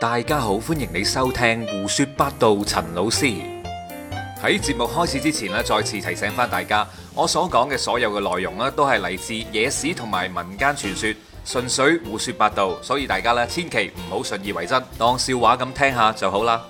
大家好，歡迎你收聽胡說八道。陳老師喺節目開始之前咧，再次提醒翻大家，我所講嘅所有嘅內容咧，都係嚟自野史同埋民間傳說，純粹胡說八道，所以大家咧千祈唔好信以為真，當笑話咁聽下就好啦。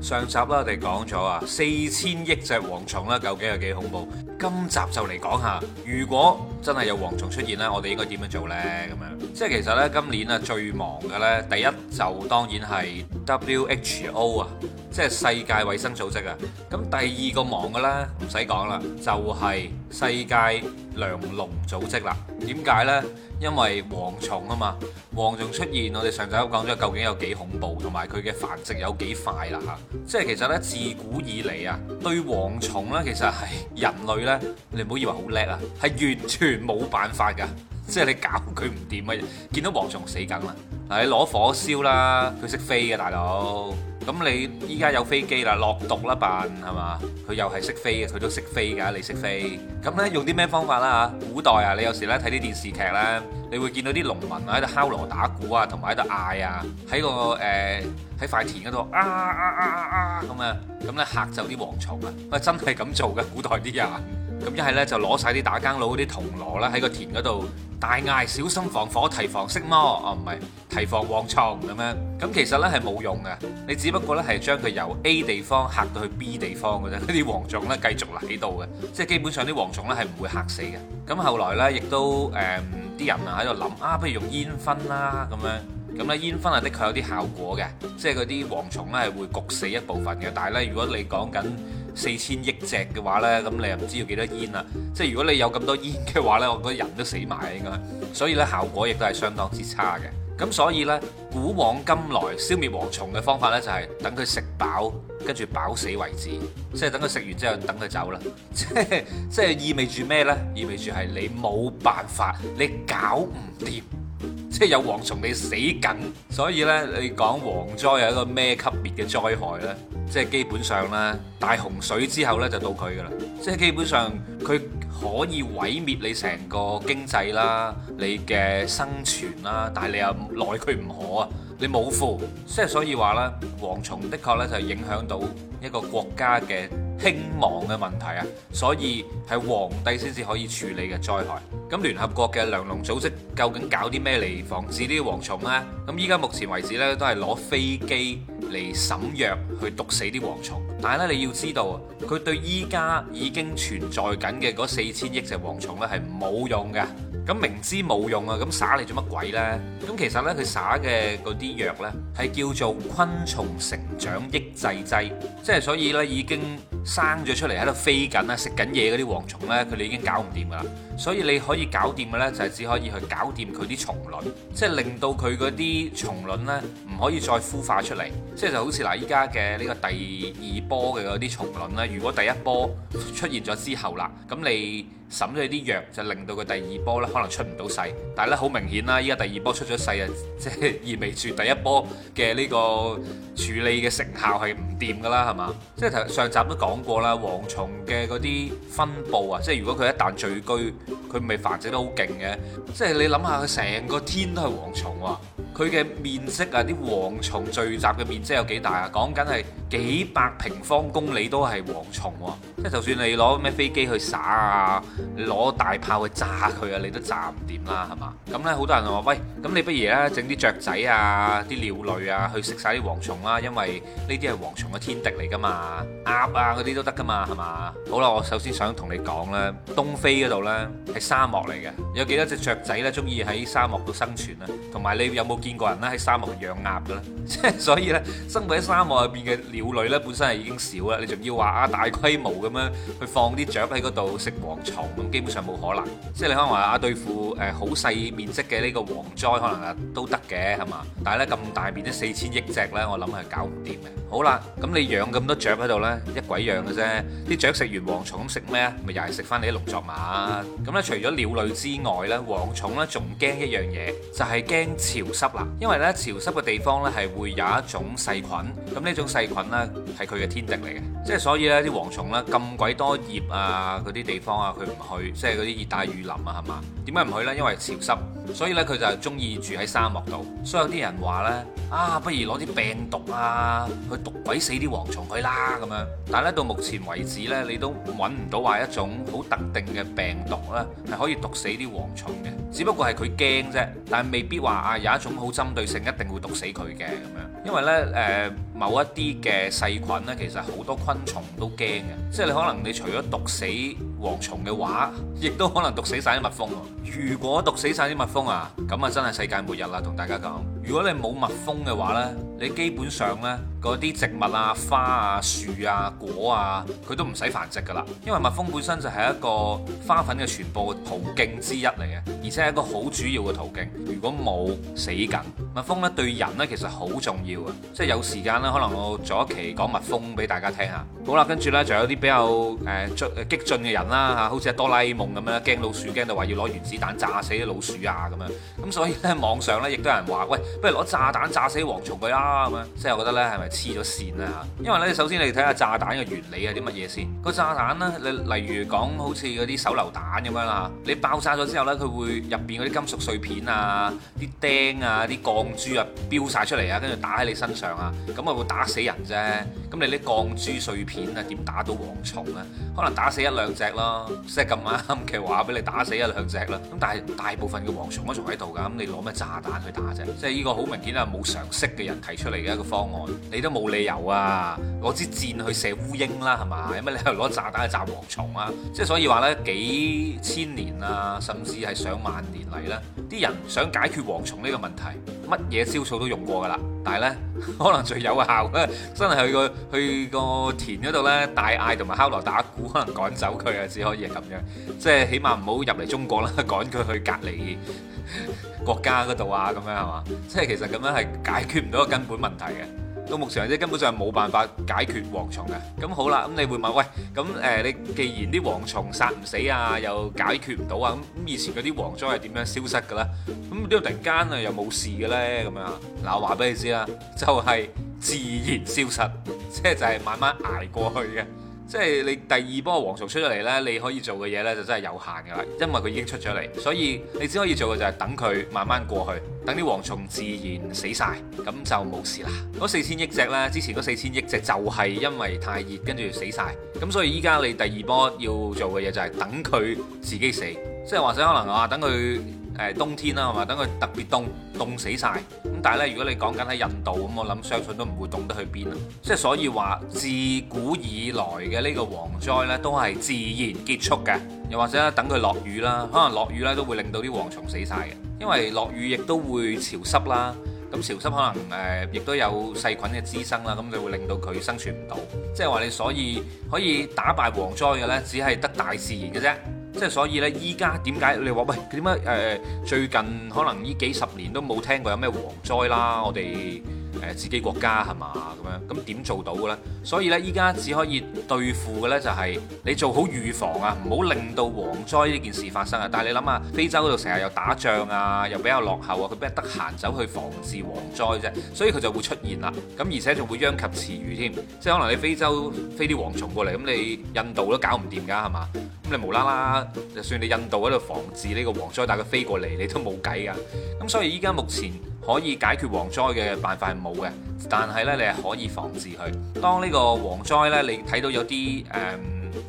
上集啦，我哋講咗啊，四千億隻蝗蟲啦，究竟有幾恐怖？今集就嚟講下，如果真係有蝗蟲出現呢，我哋應該點樣做呢？咁樣即係其實呢，今年啊最忙嘅呢，第一就當然係 WHO 啊，即係世界衞生組織啊。咁第二個忙嘅呢，唔使講啦，就係世界糧農組織啦。點解呢？因為蝗蟲啊嘛，蝗蟲出現，我哋上集都講咗，究竟有幾恐怖，同埋佢嘅繁殖有幾快啦嚇。即係其實呢，自古以嚟啊，對蝗蟲呢，其實係人類呢，你唔好以為好叻啊，係完全。冇辦法噶，即係你搞佢唔掂啊！見到蝗蟲死梗啦，嗱你攞火燒啦，佢識飛嘅，大佬。咁你依家有飛機啦，落毒啦，笨係嘛？佢又係識飛嘅，佢都識飛噶，你識飛。咁呢用啲咩方法啦？吓，古代啊，你有時咧睇啲電視劇咧，你會見到啲農民啊喺度敲鑼打鼓、呃、啊，同埋喺度嗌啊，喺個誒喺塊田嗰度啊啊啊啊咁啊，咁咧嚇走啲蝗蟲啊！喂，真係咁做嘅，古代啲人、啊。咁一係咧就攞晒啲打更佬嗰啲銅鑼啦，喺個田嗰度大嗌，小心防火，提防色魔，哦，唔係提防蝗蟲咁樣。咁其實呢係冇用嘅，你只不過呢係將佢由 A 地方嚇到去 B 地方嘅啫。啲蝗蟲咧繼續喺度嘅，即係基本上啲蝗蟲呢係唔會嚇死嘅。咁後來呢，亦都誒啲、呃、人啊喺度諗啊，不如用煙熏啦咁樣。咁呢煙熏啊的確有啲效果嘅，即係嗰啲蝗蟲呢係會焗死一部分嘅。但係呢，如果你講緊，四千億隻嘅話呢，咁你又唔知要幾多煙啦。即係如果你有咁多煙嘅話呢，我覺得人都死埋啊，應該。所以呢，效果亦都係相當之差嘅。咁所以呢，古往今來消滅蝗蟲嘅方法呢，就係等佢食飽，跟住飽死為止。即係等佢食完之後，等佢走啦。即係意味住咩呢？意味住係你冇辦法，你搞唔掂。即係有蝗蟲你死緊，所以呢，你講蝗災係一個咩級別嘅災害呢？即係基本上咧，大洪水之後呢，就到佢噶啦。即係基本上佢可以毀滅你成個經濟啦，你嘅生存啦，但係你又奈佢唔可啊。你冇富。即係所以話咧，蝗蟲的確呢，就影響到一個國家嘅。興亡嘅問題啊，所以係皇帝先至可以處理嘅災害。咁聯合國嘅糧農組織究竟搞啲咩嚟防止啲蝗蟲呢？咁依家目前為止呢，都係攞飛機嚟灑藥去毒死啲蝗蟲。但係咧，你要知道，啊，佢對依家已經存在緊嘅嗰四千億隻蝗蟲呢，係冇用嘅。咁明知冇用啊，咁灑嚟做乜鬼呢？咁其實呢，佢灑嘅嗰啲藥呢，係叫做昆蟲成長抑制劑，即係所以呢已經。生咗出嚟喺度飛緊啊，食緊嘢嗰啲蝗蟲咧，佢哋已經搞唔掂噶啦。所以你可以搞掂嘅咧，就係只可以去搞掂佢啲蟲卵，即係令到佢嗰啲蟲卵咧唔可以再孵化出嚟。即係就好似嗱，依家嘅呢個第二波嘅嗰啲蟲卵咧，如果第一波出現咗之後啦，咁你審咗啲藥就令到佢第二波咧可能出唔到世。但係咧好明顯啦，依家第二波出咗世啊，即係意味住第一波嘅呢個處理嘅成效係唔掂噶啦，係嘛？即係頭上集都講。講過啦，蝗蟲嘅嗰啲分佈啊，即係如果佢一旦聚居，佢咪繁殖得好勁嘅，即係你諗下，佢成個天都係蝗蟲啊！佢嘅面積啊，啲蝗蟲聚集嘅面積有幾大啊？講緊係幾百平方公里都係蝗蟲喎，即係就算你攞咩飛機去耍啊，你攞大炮去炸佢啊，你都炸唔掂啦，係嘛？咁呢，好多人話：喂，咁你不如呢整啲雀仔啊、啲鳥類啊去食晒啲蝗蟲啦，因為呢啲係蝗蟲嘅天敵嚟㗎嘛，鴨啊嗰啲都得㗎嘛，係嘛？好啦，我首先想同你講咧，東非嗰度呢係沙漠嚟嘅，有幾多隻雀仔呢中意喺沙漠度生存啊？同埋你有冇見，邊個人咧喺沙漠養鴨嘅咧？即係所以咧，生活喺沙漠入邊嘅鳥類咧，本身係已經少啦。你仲要話啊大規模咁樣去放啲雀喺嗰度食蝗蟲，咁基本上冇可能。即係你可能話啊對付誒好細面積嘅呢個蝗災，可能啊都得嘅係嘛？但係咧咁大面，都四千億隻咧，我諗係搞唔掂嘅。好啦，咁你養咁多雀喺度咧，一鬼樣嘅啫。啲雀食完蝗蟲，食咩啊？咪又係食翻你啲農作物。咁咧，除咗鳥類之外咧，蝗蟲咧仲驚一樣嘢，就係驚潮濕。因為咧潮濕嘅地方咧係會有一種細菌，咁呢種細菌咧係佢嘅天敵嚟嘅，即係所以咧啲蝗蟲咧咁鬼多葉啊嗰啲地方啊，佢唔去，即係嗰啲熱帶雨林啊，係嘛？點解唔去呢？因為潮濕。所以咧，佢就係中意住喺沙漠度。所以有啲人話呢，啊，不如攞啲病毒啊，去毒鬼死啲蝗蟲去啦咁樣。但係咧，到目前為止呢，你都揾唔到話一種好特定嘅病毒呢，係可以毒死啲蝗蟲嘅。只不過係佢驚啫，但係未必話啊有一種好針對性，一定會毒死佢嘅咁樣。因為呢，誒、呃。某一啲嘅細菌呢，其實好多昆蟲都驚嘅，即係你可能你除咗毒死蝗蟲嘅話，亦都可能毒死晒啲蜜蜂。如果毒死晒啲蜜蜂啊，咁啊真係世界末日啦！同大家講，如果你冇蜜蜂嘅話呢，你基本上呢嗰啲植物啊、花啊、樹啊、果啊，佢都唔使繁殖噶啦，因為蜜蜂本身就係一個花粉嘅傳播途徑之一嚟嘅，而且係一個好主要嘅途徑。如果冇死緊蜜蜂咧，對人呢其實好重要啊，即係有時間啦。可能我做一期講蜜蜂俾大家聽下。好啦，跟住呢仲有啲比較誒、呃、激進嘅人啦嚇，好似哆啦 A 夢咁樣，驚老鼠驚到話要攞原子彈炸死老鼠啊咁樣，咁所以呢，網上呢亦都有人話，喂，不如攞炸彈炸死蝗蟲佢啦咁樣，即係我覺得呢係咪黐咗線呢？嚇？因為呢，首先你睇下炸彈嘅原理係啲乜嘢先，個炸彈呢，你例如講好似嗰啲手榴彈咁樣啦，你爆炸咗之後呢，佢會入邊嗰啲金屬碎片啊、啲釘啊、啲鋼珠啊飆晒出嚟啊，跟住、啊啊、打喺你身上啊，咁啊～打死人啫，咁你啲鋼珠碎片啊，點打到蝗蟲啊？可能打死一兩隻咯，即係咁啱嘅話俾你打死一兩隻啦。咁但係大，大部分嘅蝗蟲都仲喺度㗎，咁你攞咩炸彈去打啫？即係呢個好明顯啊，冇常識嘅人提出嚟嘅一個方案，你都冇理由啊，攞支箭去射烏蠅啦，係嘛？有乜你又攞炸彈去炸蝗蟲啊？即係所以話呢，幾千年啊，甚至係上萬年嚟啦，啲人想解決蝗蟲呢個問題。乜嘢招數都用過噶啦，但係呢，可能最有效，真係去個去個田嗰度呢，大嗌同埋敲鑼打鼓，可能趕走佢啊，只可以係咁樣，即係起碼唔好入嚟中國啦，趕佢去隔離國家嗰度啊，咁樣係嘛？即係其實咁樣係解決唔到個根本問題嘅。到目前為止，根本上冇辦法解決蝗蟲嘅，咁好啦，咁你會問喂，咁誒、呃，你既然啲蝗蟲殺唔死啊，又解決唔到啊，咁咁以前嗰啲蝗災係點樣消失嘅咧？咁點突然間啊又冇事嘅咧？咁樣嗱，我話俾你知啦，就係、是、自然消失，即係就係、是、慢慢捱過去嘅。即係你第二波蝗蟲出咗嚟呢，你可以做嘅嘢呢就真係有限㗎啦，因為佢已經出咗嚟，所以你只可以做嘅就係等佢慢慢過去，等啲蝗蟲自然死晒，咁就冇事啦。嗰四千億隻呢，之前嗰四千億隻就係因為太熱跟住死晒。咁所以依家你第二波要做嘅嘢就係等佢自己死，即係或者可能啊等佢。誒冬天啦，係嘛？等佢特別凍，凍死晒。咁但係咧，如果你講緊喺印度咁，我諗相信都唔會凍得去邊啊！即係所以話，自古以來嘅呢個蝗災呢，都係自然結束嘅。又或者等佢落雨啦，可能落雨呢，都會令到啲蝗蟲死晒嘅，因為落雨亦都會潮濕啦。咁潮濕可能誒，亦都有細菌嘅滋生啦，咁就會令到佢生存唔到。即係話你，所以可以打敗蝗災嘅呢，只係得大自然嘅啫。即係所以呢，依家點解你話喂點解誒最近可能呢幾十年都冇聽過有咩蝗災啦？我哋。自己國家係嘛咁樣，咁點做到嘅咧？所以呢，依家只可以對付嘅呢，就係你做好預防啊，唔好令到蝗災呢件事發生啊！但係你諗下，非洲嗰度成日又打仗啊，又比較落後啊，佢邊得閒走去防治蝗災啫？所以佢就會出現啦。咁而且仲會殃及池魚添，即係可能你非洲飛啲蝗蟲過嚟，咁你印度都搞唔掂㗎係嘛？咁你無啦啦，就算你印度喺度防治呢個蝗災，但係佢飛過嚟，你都冇計㗎。咁所以依家目前。可以解決蝗災嘅辦法係冇嘅，但係咧你係可以防治佢。當呢個蝗災咧，你睇到有啲誒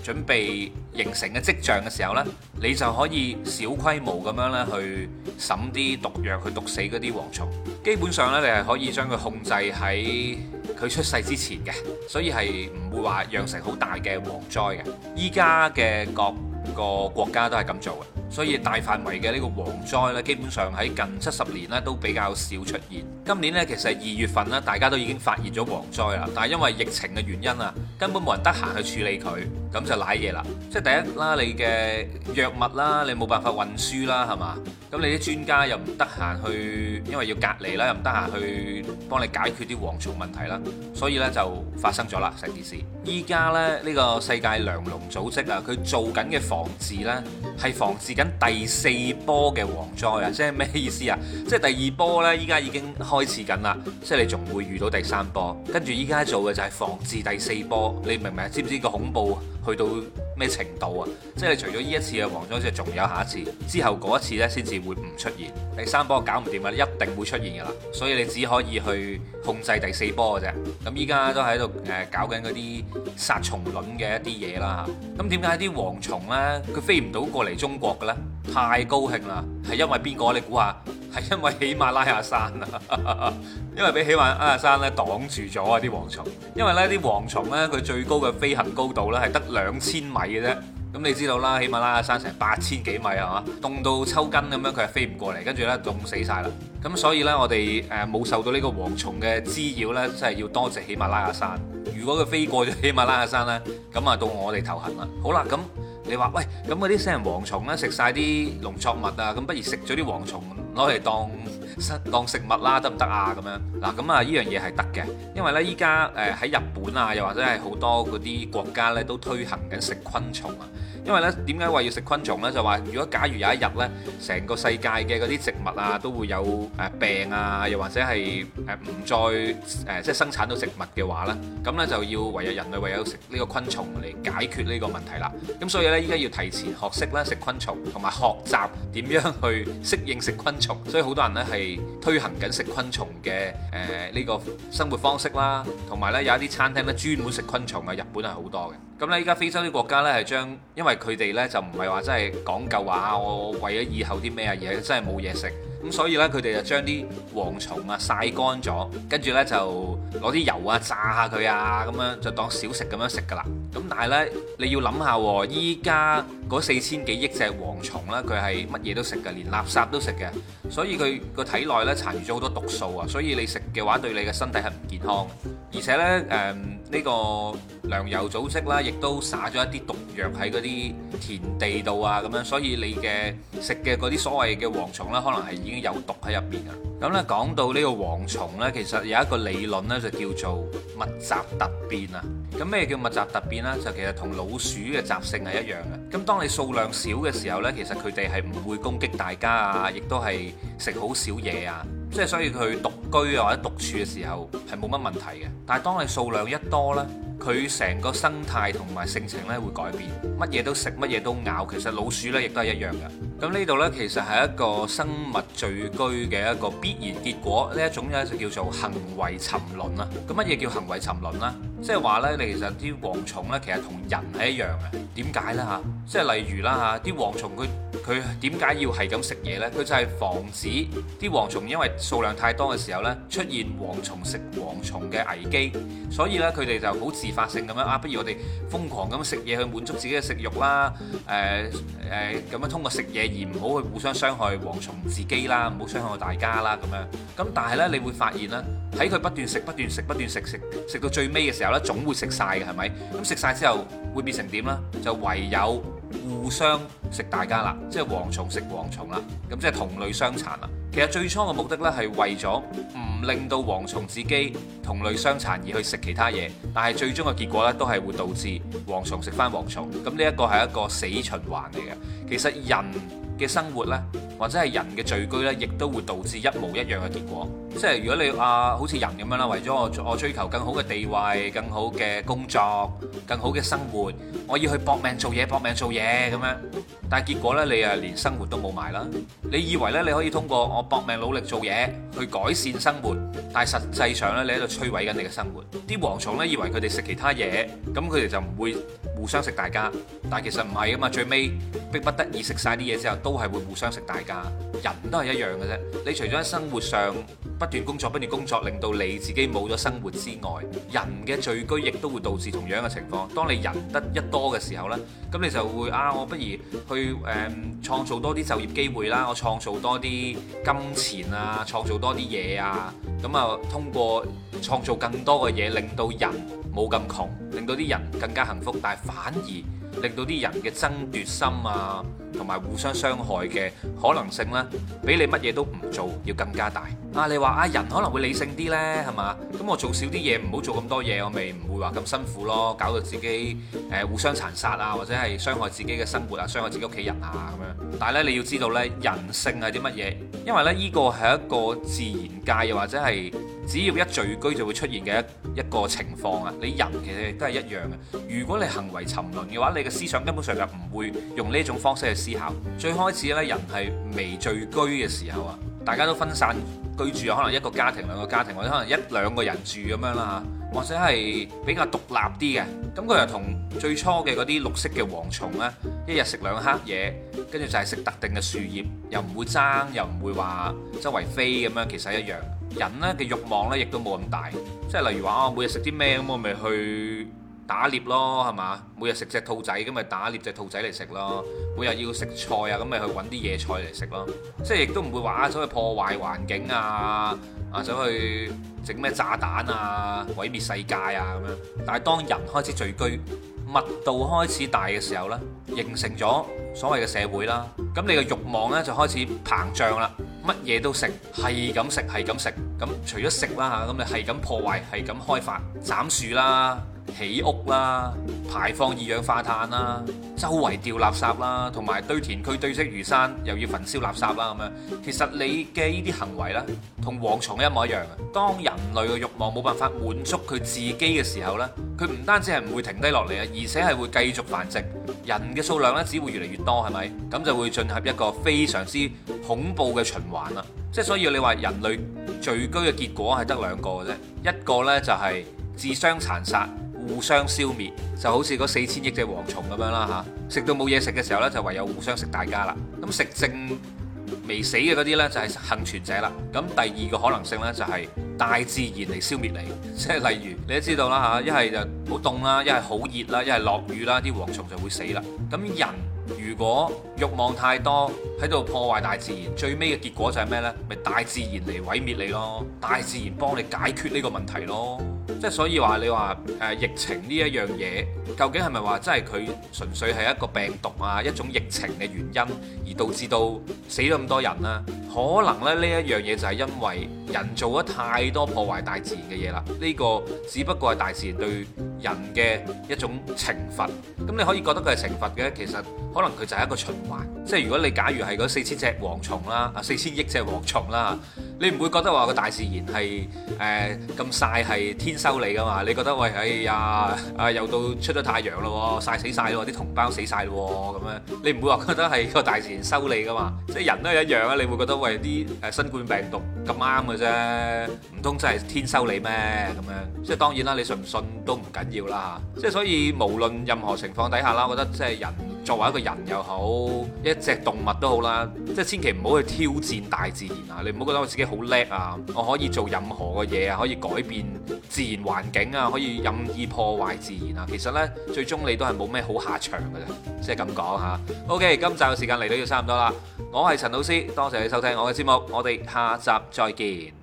準備形成嘅跡象嘅時候咧，你就可以小規模咁樣咧去審啲毒藥去毒死嗰啲蝗蟲。基本上咧，你係可以將佢控制喺佢出世之前嘅，所以係唔會話釀成好大嘅蝗災嘅。依家嘅各個國家都係咁做嘅。所以大範圍嘅呢個蝗災咧，基本上喺近七十年咧都比較少出現。今年咧，其實二月份啦，大家都已經發現咗蝗災啦，但係因為疫情嘅原因啊，根本冇人得閒去處理佢，咁就瀨嘢啦。即係第一啦，你嘅藥物啦，你冇辦法運輸啦，係嘛？咁你啲專家又唔得閒去，因為要隔離啦，又唔得閒去幫你解決啲蝗蟲問題啦，所以咧就發生咗啦成件事。依家咧呢，呢個世界糧農組織啊，佢做緊嘅防治呢，係防治緊第四波嘅蝗災啊，即係咩意思啊？即係第二波呢，依家已經。開始緊啦，即係你仲會遇到第三波，跟住依家做嘅就係防治第四波。你明唔明？知唔知個恐怖去到咩程度啊？即係你除咗呢一次嘅蝗災，即係仲有下一次，之後嗰一次呢，先至會唔出現。第三波搞唔掂啊，一定會出現噶啦。所以你只可以去控制第四波嘅啫。咁依家都喺度誒搞緊嗰啲殺蟲卵嘅一啲嘢啦嚇。咁點解啲蝗蟲呢？佢飛唔到過嚟中國嘅咧？太高興啦，係因為邊個？你估下？係因為喜馬拉雅山啊， 因為俾喜馬拉雅山呢擋住咗啊啲蝗蟲，因為呢啲蝗蟲呢佢最高嘅飛行高度呢係得兩千米嘅啫，咁你知道啦，喜馬拉雅山成八千幾米係嘛，凍到抽筋咁樣佢係飛唔過嚟，跟住呢凍死晒啦，咁所以呢，我哋誒冇受到個蟲呢個蝗蟲嘅滋擾呢，真係要多謝喜馬拉雅山。如果佢飛過咗喜馬拉雅山呢，咁啊到我哋頭痕啦。好啦，咁你話喂，咁嗰啲死人蝗蟲呢，食晒啲農作物啊，咁不如食咗啲蝗蟲攞嚟當食當食物啦，得唔得啊？咁樣嗱，咁啊呢樣嘢係得嘅，因為呢，依家誒喺日本啊，又或者係好多嗰啲國家呢，都推行緊食昆蟲啊。因為咧，點解話要食昆蟲呢？就話、是、如果假如有一日呢，成個世界嘅嗰啲植物啊都會有誒病啊，又或者係誒唔再誒、呃、即係生產到食物嘅話呢，咁呢就要唯有人類唯有食呢個昆蟲嚟解決呢個問題啦。咁所以呢，依家要提前學識咧食、食昆蟲，同埋學習點樣去適應食昆蟲。所以好多人呢係推行緊食昆蟲嘅誒呢個生活方式啦，同埋呢有一啲餐廳呢，專門食昆蟲嘅，日本係好多嘅。咁呢，依家非洲啲國家呢，係將，因為佢哋呢，就唔係話真係講究話，我為咗以後啲咩啊，而係真係冇嘢食。咁所以呢，佢哋就將啲蝗蟲啊曬乾咗，跟住呢，就攞啲油啊炸下佢啊，咁樣就當小食咁樣食㗎喇。咁但係呢，你要諗下，依家嗰四千幾億隻蝗蟲呢，佢係乜嘢都食嘅，連垃圾都食嘅，所以佢個體內呢，殘餘咗好多毒素啊，所以你食嘅話，對你嘅身體係唔健康，而且呢，誒、嗯、呢、呢個。糧油組織啦，亦都撒咗一啲毒藥喺嗰啲田地度啊，咁樣，所以你嘅食嘅嗰啲所謂嘅蝗蟲呢，可能係已經有毒喺入邊啊。咁、嗯、呢，講到呢個蝗蟲呢，其實有一個理論呢，就叫做密集突變啊。咁、嗯、咩叫密集突變呢？就其實同老鼠嘅習性係一樣嘅。咁、嗯、當你數量少嘅時候呢，其實佢哋係唔會攻擊大家啊，亦都係食好少嘢啊，即係所以佢獨居啊或者獨處嘅時候係冇乜問題嘅。但係當你數量一多呢。佢成個生態同埋性情咧會改變，乜嘢都食，乜嘢都咬。其實老鼠咧亦都係一樣嘅。咁呢度呢，其實係一個生物聚居嘅一個必然結果。呢一種呢，就叫做行為沉淪啦。咁乜嘢叫行為沉淪呢？即係話呢，你其實啲蝗蟲咧，其實同人係一樣嘅。點解呢嚇？即係例如啦嚇，啲蝗蟲佢佢點解要係咁食嘢呢？佢就係防止啲蝗蟲因為數量太多嘅時候呢，出現蝗蟲食蝗蟲嘅危機。所以呢，佢哋就好自發性咁樣啊，不如我哋瘋狂咁食嘢去滿足自己嘅食欲啦。誒、呃、誒，咁樣通過食嘢而唔好去互相傷害蝗蟲自己啦，唔好傷害大家啦咁樣。咁但係呢，你會發現咧。喺佢不斷食不斷食不斷食食食到最尾嘅時候呢，總會食晒嘅係咪？咁食晒之後會變成點呢？就唯有互相食大家啦，即係蝗蟲食蝗蟲啦。咁即係同類相殘啦！其實最初嘅目的呢係為咗唔令到蝗蟲自己同類相殘而去食其他嘢，但係最終嘅結果呢都係會導致蝗蟲食翻蝗蟲。咁呢一個係一個死循環嚟嘅。其實人嘅生活呢，或者係人嘅聚居呢，亦都會導致一模一樣嘅結果。即係如果你話、啊、好似人咁樣啦，為咗我我追求更好嘅地位、更好嘅工作、更好嘅生活，我要去搏命做嘢、搏命做嘢咁樣。但係結果呢，你啊，連生活都冇埋啦。你以為呢，你可以通過我搏命努力做嘢去改善生活，但係實際上呢，你喺度摧毀緊你嘅生活。啲蝗蟲呢，以為佢哋食其他嘢，咁佢哋就唔會互相食大家，但係其實唔係啊嘛。最尾逼不得已食晒啲嘢之後，都係會互相食大家。人都係一樣嘅啫。你除咗喺生活上，不斷工作，不斷工作，令到你自己冇咗生活之外，人嘅聚居亦都會導致同樣嘅情況。當你人得一多嘅時候呢，咁你就會啊，我不如去誒、呃、創造多啲就業機會啦，我創造多啲金錢啊，創造多啲嘢啊，咁啊通過創造更多嘅嘢，令到人冇咁窮，令到啲人更加幸福，但係反而，令到啲人嘅爭奪心啊，同埋互相傷害嘅可能性咧，比你乜嘢都唔做要更加大啊！你話啊，人可能會理性啲咧，係嘛？咁我做少啲嘢，唔好做咁多嘢，我咪唔會話咁辛苦咯，搞到自己誒、呃、互相殘殺啊，或者係傷害自己嘅生活啊，傷害自己屋企人啊咁樣，但係咧，你要知道咧，人性係啲乜嘢？因為咧，呢、呢個係一個自然界又或者係只要一聚居就會出現嘅一個情況啊！你人其實都係一樣嘅。如果你行為沉淪嘅話，你嘅思想根本上就唔會用呢一種方式去思考。最開始呢，人係未聚居嘅時候啊，大家都分散居住，可能一個家庭、兩個家庭，或者可能一兩個人住咁樣啦，或者係比較獨立啲嘅。咁佢又同最初嘅嗰啲綠色嘅蝗蟲呢，一日食兩克嘢，跟住就係食特定嘅樹葉，又唔會爭，又唔會話周圍飛咁樣，其實一樣。人呢嘅欲望呢亦都冇咁大，即係例如話我每日食啲咩咁，我咪去打獵咯，係嘛？每日食隻兔仔，咁咪打獵隻兔仔嚟食咯。每日要食菜啊，咁咪去揾啲野菜嚟食咯。即係亦都唔會話走去破壞環境啊，啊，走去整咩炸彈啊，毀滅世界啊咁樣。但係當人開始聚居，密度開始大嘅時候呢，形成咗所謂嘅社會啦。咁你嘅慾望呢，就開始膨脹啦。乜嘢都食，係咁食，係咁食。咁除咗食啦吓，咁你係咁破壞，係咁開發，斬樹啦，起屋啦，排放二氧化碳啦，周圍掉垃圾啦，同埋堆填區堆積如山，又要焚燒垃圾啦咁樣。其實你嘅呢啲行為呢，同蝗蟲一模一樣嘅。當人類嘅欲望冇辦法滿足佢自己嘅時候呢，佢唔單止係唔會停低落嚟啊，而且係會繼續繁殖。人嘅數量呢只會越嚟越多，係咪？咁就會進入一個非常之恐怖嘅循環啦。即係所以你話人類聚居嘅結果係得兩個嘅啫，一個呢就係自相殘殺、互相消滅，就好似嗰四千億隻蝗蟲咁樣啦吓。食到冇嘢食嘅時候呢，就唯有互相食大家啦。咁食剩。未死嘅嗰啲呢，就係幸存者啦。咁第二個可能性呢，就係大自然嚟消滅你，即 係例如你都知道啦嚇，一係就好凍啦，一係好熱啦，一係落雨啦，啲蝗蟲就會死啦。咁人如果欲望太多喺度破壞大自然，最尾嘅結果就係咩呢？咪、就是、大自然嚟毀滅你咯！大自然幫你解決呢個問題咯。即係所以話你話誒、呃、疫情呢一樣嘢，究竟係咪話真係佢純粹係一個病毒啊一種疫情嘅原因而導致到死咗咁多人咧？可能咧呢一樣嘢就係因為人做咗太多破壞大自然嘅嘢啦。呢、呢個只不過係大自然對人嘅一種懲罰。咁你可以覺得佢係懲罰嘅，其實可能佢就係一個循。即係如果你假如係嗰四千隻蝗蟲啦，啊四千億隻蝗蟲啦，你唔會覺得話個大自然係誒咁晒係天收你噶嘛？你覺得喂，哎呀啊，呃，又到出咗太陽咯，晒死曬咯，啲同胞死曬咯咁樣，你唔會話覺得係個大自然收你噶嘛？即係人都一樣啊，你會覺得喂啲誒新冠病毒咁啱嘅啫，唔通真係天收你咩？咁樣即係當然啦，你信唔信都唔緊要啦嚇。即係所以無論任何情況底下啦，我覺得即係人。作為一個人又好，一隻動物都好啦，即係千祈唔好去挑戰大自然啊！你唔好覺得我自己好叻啊，我可以做任何嘅嘢啊，可以改變自然環境啊，可以任意破壞自然啊！其實呢，最終你都係冇咩好下場嘅啫，即係咁講嚇。OK，今集嘅時間嚟到要差唔多啦，我係陳老師，多謝你收聽我嘅節目，我哋下集再見。